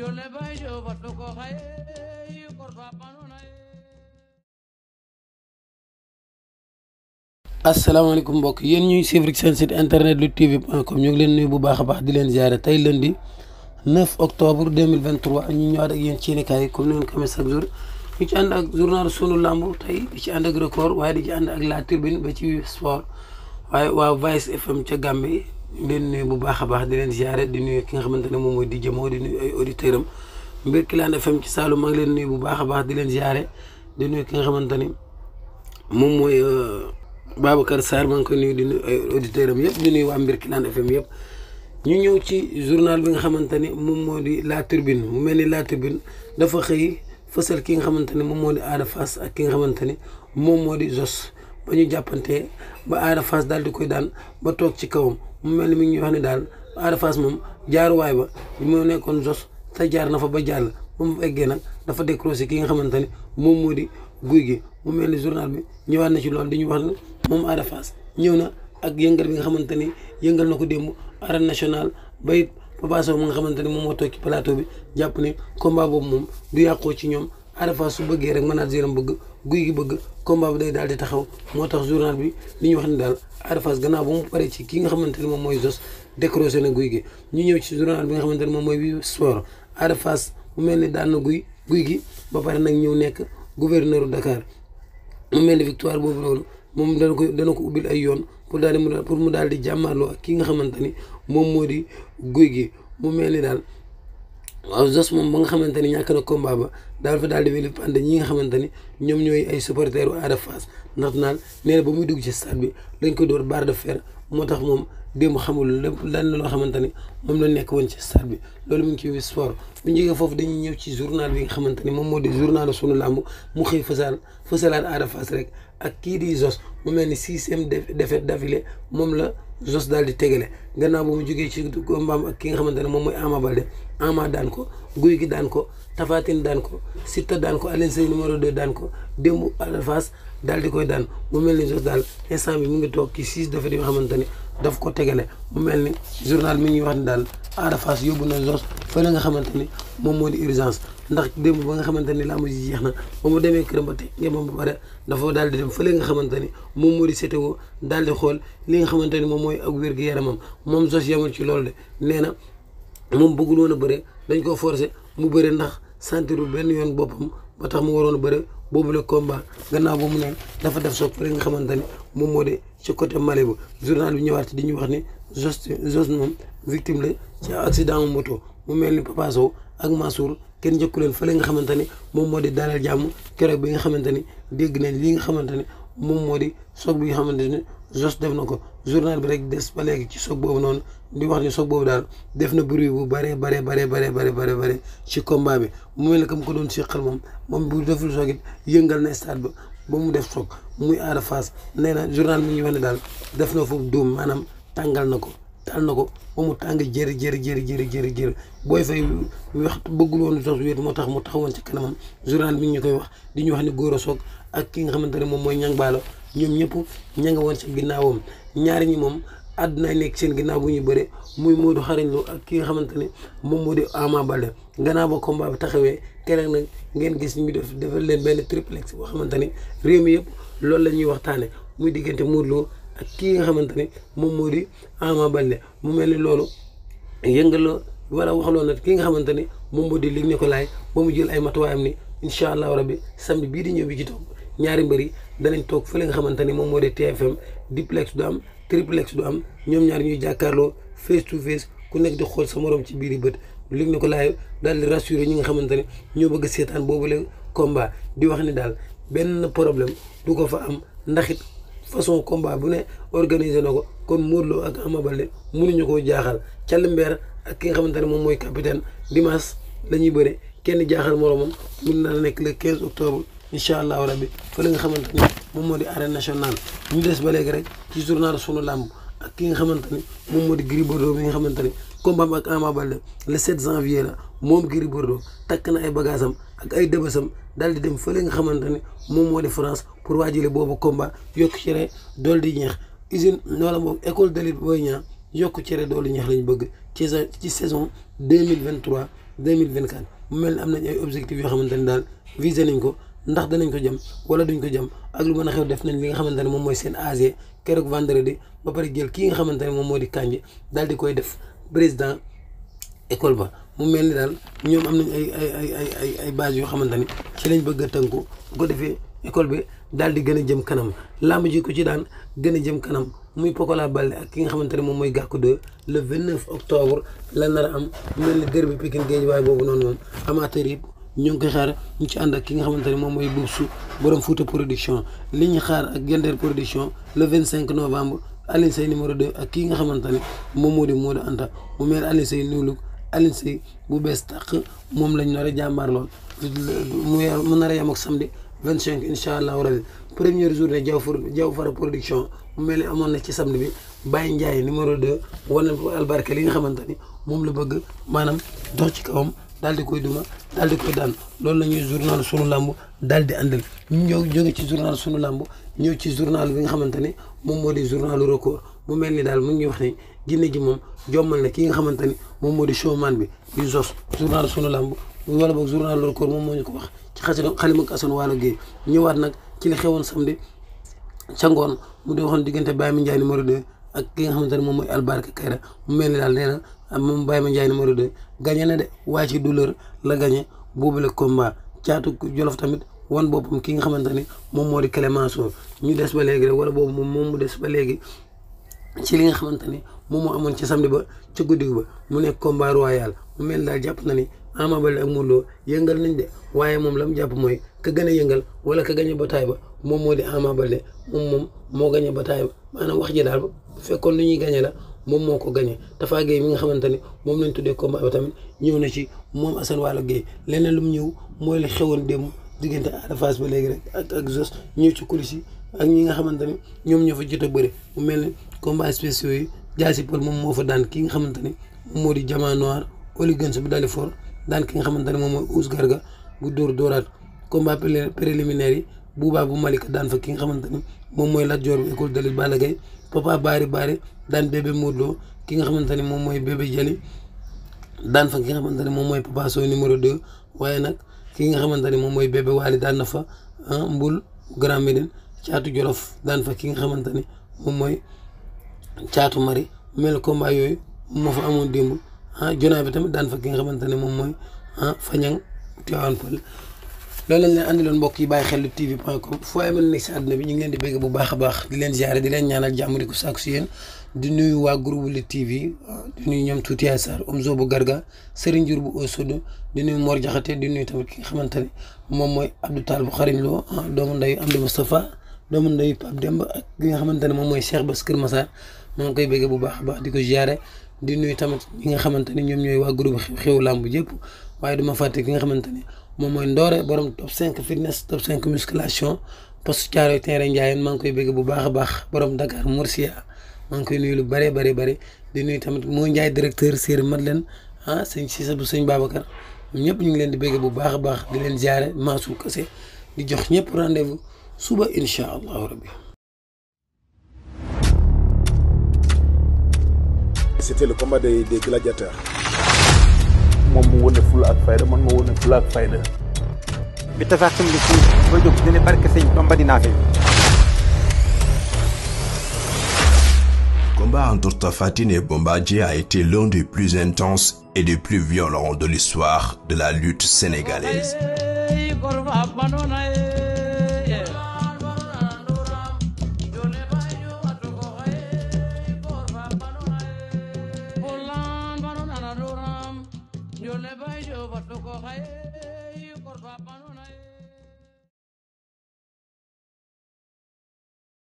जोले भाई mbokk yéen ñuy suivre seen site internet Lutte TV com ñu ngi leen nuyu bu baaxa baax di leen ziare tey lundi 9 octobre 2023 ñu ñëwaat ak yéen ci yéenekaay yi comme ni ngeen ko amee chaque jour ñu ci ànd ak journal sunu lamb tey di ci ànd ak record waaye di ci ànd ak la turbine ba ci sport waaye waa Vice FM ca Gambie leen nuyu bu baax a baax di leen ziare di nuyu ki nga xamante ne moom mooy di jëmoo di nuyu ay auditeurs am mbir Kilaan FM ci Saloum maa ngi leen nuyu bu baax a baax leen ziare di ki nga xamante ni moom mooy euh, Babacar Sarr maa ngi koy nuyu di am yëpp di nuyu waa mbir Kilaan FM yëpp. ñu ñëw ci journal bi nga xamante ni moom moo di La Tribune mu mel ni La Tribune dafa xëy fësal ki nga xamante ni moom moo di Ada ak ki nga xamante ni moom moo di Zoss. ba ñu jàppante ba Ada Fass daal di koy daan ba toog ci kawam mu mel ni mi ngi ñuy wax ne daal Ada Fass moom jaaruwaay ba moo nekkoon jos te jaar na fa ba jàll ba eggee nag dafa décroché ki nga xamante ne moom moo di guy gi mu mel ni journal bi ñëwaat na ci loolu di ñu moom Ada ñëw na ak yëngal bi nga xamante ni yëngal na ko démb arène nationale ba it Papa nga xamante ni moom moo toog ci plateau bi jàpp ni combat boobu moom du yàqoo ci ñoom Ada Fass su bëggee rek manaat ziram bëgg guy gi bëgg combat bi day daal di taxaw moo tax journal bi li ñu wax ni daal Ada Fass gannaaw ba mu paree ci kii nga xamante ne moom mooy Zoss décroché na guy gi ñu ñëw ci journal bi nga xamante ne moom mooy bi sport Ada mel ni daan na guy guy gi ba pare nag ñëw nekk gouverneur Dakar mu mel ni victoire boobu loolu moom dana ko dana ko ubbil ay pour daal di mu pour mu daal di jàmmaarloo ak ki nga xamante ni moom moo di guy gi mu mel ni daal waaw Zoss moom ba nga xamante ni ñàkk na combat ba daal fa daal di wéli pande ñi nga xamante ni ñoom ñooy ay supporters u Ada Fass ndax naan ba muy dugg ci stade bi lañ ko door barre de fer moo tax moom démb xamul lépp lan la loo xamante ni moom la nekk woon ci stade bi loolu mu ngi ci sport bu ñu foofu dañuy ñëw ci journal bi nga xamante ni moom moo di journal sunu làmb mu xëy fësal fësalaat Ada Fass rek ak kii di Zoss mu mel ni sixième défaite d'affilée moom la Zoss daal di tegale gannaaw bu mu jógee ci mbaam ak ki nga xamante ne moom mooy Ama Balde Ama daan ko Guy gi daan ko Tapha Tine daan ko Siteu daan ko Alioune Seye numéro 2 daan ko démb Ada Fass daal di koy daan mu mel ni Zoss daal instant bi mu ngi toog ci six défaites yoo xamante ne daf ko tegale mu mel ni journal mi ñuy wax ni daal Ada Fass yóbbu na Zoss fële nga xamante ni moom moo di urgence ndax démb ba nga xamante ni làmb ji jeex na ba mu demee këram ba teg ngeen ba pare dafa daal dem fële nga xamante ni moom moo di seetewoo daal di xool li nga xamante ni moom mooy ak wér-gu-yaramam moom Zoss yamul ci loolu de nee na moom bëggul woon a bëre dañ koo forcer mu bëre ndax sentirul benn yoon boppam ba tax mu waroon a bëre boobu la combat gannaaw ba mu ne dafa def soog fële nga xamante ni moom moo de ci côté Malibu journal bi ñëwaat di ñu wax ni Zoss Zoss moom victime la ci accident moto mu mel ni Papa Sow ak Mansour kenn njëkku leen fële nga xamante ni moom moo di dalal jàmm keroog bi nga xamante ni dégg nañ li nga xamante ni moom moo di soog bi nga xamante ni Zoss def na ko journal bi rek des ba léegi ci soog boobu noonu di wax ni soog boobu daal def na bruit bu bare bare bare bare bare bare bare ci combat bi mu mel ni comme ko doon siqal moom moom bu deful soog it yëngal na stade ba ba mu def soog muy Ada Fass nee na journal mi ngi wax ne daal def na foog dóom maanaam tàngal na ko taal na ko ba mu tàng jëri jër jëri jër jëri jëri booy fay wax bëggul woon sos wéet moo tax mu taxawoon ci kanamam journal mi ngi ñu koy wax di ñu wax ne góor a soog ak ki nga xamante ne moom mooy ñang baalo ñoom ñëpp ña nga woon ci ginnaawam ñaari ñi moom àddinaay nekk seen ginnaaw bu ñuy bëree muy Modou xarañ Lo ak ki nga xamante ne moom moo di Ama Baldé gannaaw ba combat bi taxawee keroog nag ngeen gis ñu def defal leen boo xamante ne réew loolu la ñuy waxtaane muy diggante Modou Lo ak kii nga xamante ne moom moo di Ama Baldé mu mel ni loolu yëngaloo wala waxloo nag ki nga xamante ne moom moo di Luc Nicolaï ba mu jël ay matuwaayam ni incha allahu rabbi samedi bii di ñëw bi ci topp ñaari mbër yi danañ toog fële nga xamante ni moom moo di TFM duplex du am triple X du am ñoom ñaar ñuy jàkkaarloo face to face ku nekk di xool sa moroom ci biir bët lig na ko laay daal di rassurer ñi nga xamante ne ñoo bëgg seetaan boobule combat di wax ni daal benn problème du ko fa am ndax it façon combat bu ne organisé na ko kon Modou Lo ak Ama Baldé mënuñu koo jaaxal Calimbeer ak ki nga xamante ne moom mooy capitaine Dimanche lañuy ñuy bëre kenn jaaxal moromam mun naa nekk le 15 octobre incha allahu rabbi fa la nga xamante moom moo di arène nationale ñu des ba léegi rek ci journal sunu làmb ak ki nga xamante ni moom moo di Gris Bordeaux bi nga xamante ni combat am ak Ama Baldé le 7 janvier la moom Gris Bordeaux takk na ay bagaasam ak ay dëbësam daal di dem fële nga xamante ni moom moo di France pour waajale boobu komba yokk cere dool di ñeex usine la moom école de lutte Boy Niang yokk cere dool di ñeex lañ bëgg ci ci saison 2023 2024 mu mel ne am nañ ay objectifs yoo xamante ni daal visé nañ ko. ndax danañ ko jëm wala duñ ko jëm ak lu mën a xew def nañ li nga xamante ne moom mooy seen AG keroog vendredi ba pare jël kii nga xamante ne moom moo di Kandji daal di koy def président école ba mu mel ni daal ñoom am nañ ay ay ay ay ay base yoo xamante ni ci lañ bëgg a tënku bu ko defee école bi daal di gën a jëm kanam làmb ji ku ci daan gën a jëm kanam muy Pokola Baldé ak ki nga xamante ne moom mooy Gàkku 2 le vingt 29 octobre la nar am mel ni derby Pikine boobu noonu moom amateur ñoo ngi koy xaar ñu ci ànd ak ki nga xamante ne moom mooy Boubsou borom Fouta production li ñu xaar ak Gender production le 25 novembre Alioune Seye numéro 2 ak kii nga xamante ne moom moo di Modou Anta mu mel Alioune Seye nuulug Alioune Seye bu bees tàq moom lañ nar a jàmbaar lool mu nar a yem ak samedi 25 incha allahu rabi première journée jaw jaw fara production mu mel ne amoon na ci samedi bi Baye Ndiaye numéro 2 wane albarka li nga xamante ni moom la bëgg maanaam dox ci kawam daal di koy duma daal di koy daan loolu la ñuy journal sunu làmb daal di àndal ñu ñëw ci journal sunu làmb ñëw ci journal bi nga xamante ne moom moo di journalu record mu mel ni daal mu ngi wax ne jinne ji moom jommal ki nga xamante ni moom moo di showman bi di zos journal sunu làmb wala boog journal record moom moo ñu ko wax ci xasida xalima ak Assane Waalo Gueye ñëwaat nag ci li xewoon samedi ca ngoon mu di waxoon diggante Baye Mandiaye numéro 2 ak ki nga xamante ne moom mooy Albarka Kayra mu mel ni daal nee na moom Baye Mandiaye numéro 2 gagné na de waaye ci douleur la gagné boobule combat caatu jolof tamit wan boppam ki nga xamante ni moom moo di Clémenceau ñu des ba léegi wala boobu moom moom mu des ba léegi ci li nga xamante ni moom moo ci samedi ba ci guddi ba mu nekk combat royal mu mel daal jàpp na ni Ama Baldé ak Modou Lô yëngal nañ de waaye moom la mu jàpp mooy ka gën a yëngal wala ka gagné bataay ba moom moo di Ama Baldé moom moom moo gagné bataay ba maanaam wax ji daal bu fekkoon lu ñuy gagné la. moom moo ko gagné dafa Gueye mi nga xamante ne moom lañ tuddee combat bi tamit ñëw na ci moom Assane Wala Gueye leneen lu mu ñëw mooy la xewoon démb diggante Ada Fass ba léegi rek ak ak Zos ñëw ci coulisse yi ak ñi nga xamante ne ñoom ñoo fa jot bëri mu mel ne combat spéciaux yi Diassi Peul moom moo fa daan ki nga xamante ne moo di Diamant Noir Oligans bi daal di fort daan ki nga xamante ne moom mooy Ousse Garga bu dóor dóoraat combat préliminaire yi. buubaa bu Malika daan fa ki nga xamante ni moom mooy Lat Joor bi école de lutte Balla daan bébé Modou Lo ki nga xamante ni moom mooy bébé Jali daan fa ki nga xamante moom mooy Papa Sow numéro 2 waaye nag ki nga xamante ni moom mooy bébé Waly daan na fa ah, Mbul Grand Médine caatu Jolof daan ki nga xamante ni moom mooy caatu Mari mel combat yooyu moo fa amoon démb ah jonaa bi tamit daan fa ki nga xamante ne moom mooy ah Fañang Tivaouane loolu lañ leen andiloon mbokk yi baax xel Lutte TV point com foo mën nekk si àdduna bi ñu ngi leen di bégg bu baax a baax di leen ziare di leen ñaanal jàmm di ko sàkku si di nuyu waa groupe Lutte TV di nuyu ñoom Tuuti Yaay Sarr Omzo bu Garga Serigne Diour bu Osodo di nuyu Mor Jaxate di nuyu tamit ki nga xamante ne moom mooy Abdou Tall bu Xariñ Lo ah, doomu ndeyu Amdi Moustapha doomu ndeyu Pape Demba ak ki nga xamante ne moom mooy Cheikh Bass Kër Massar moo ngi koy bégg bu baax baax di ko ziare di nuyu tamit ñi nga xamante ne ñoom ñooy waa groupe xew lamb yëpp waaye duma fàtte ki nga xamante ne moom mooy Ndoore borom top 5 fitness top 5 musculation post caaroy terrain Ndiayeen maa ngi koy bëgg bu baax a baax borom Dakar Mursia maa koy nuyu lu bëree bëri bëri di nuyu tamit moo Ndiaye directeur Sire Madeleine ah sëñ Cissé bu sëñ Babacar ñëpp ñu ngi leen di bëgg bu baax baax di leen jaare Mansour Kassé di jox ñëpp rendez suba incha allahu rabbi C'était le combat des, moom mu wane fula ak combat entre Tapha Tine et a été l'un des plus intenses et des plus violents de l'histoire de la lutte sénégalaise.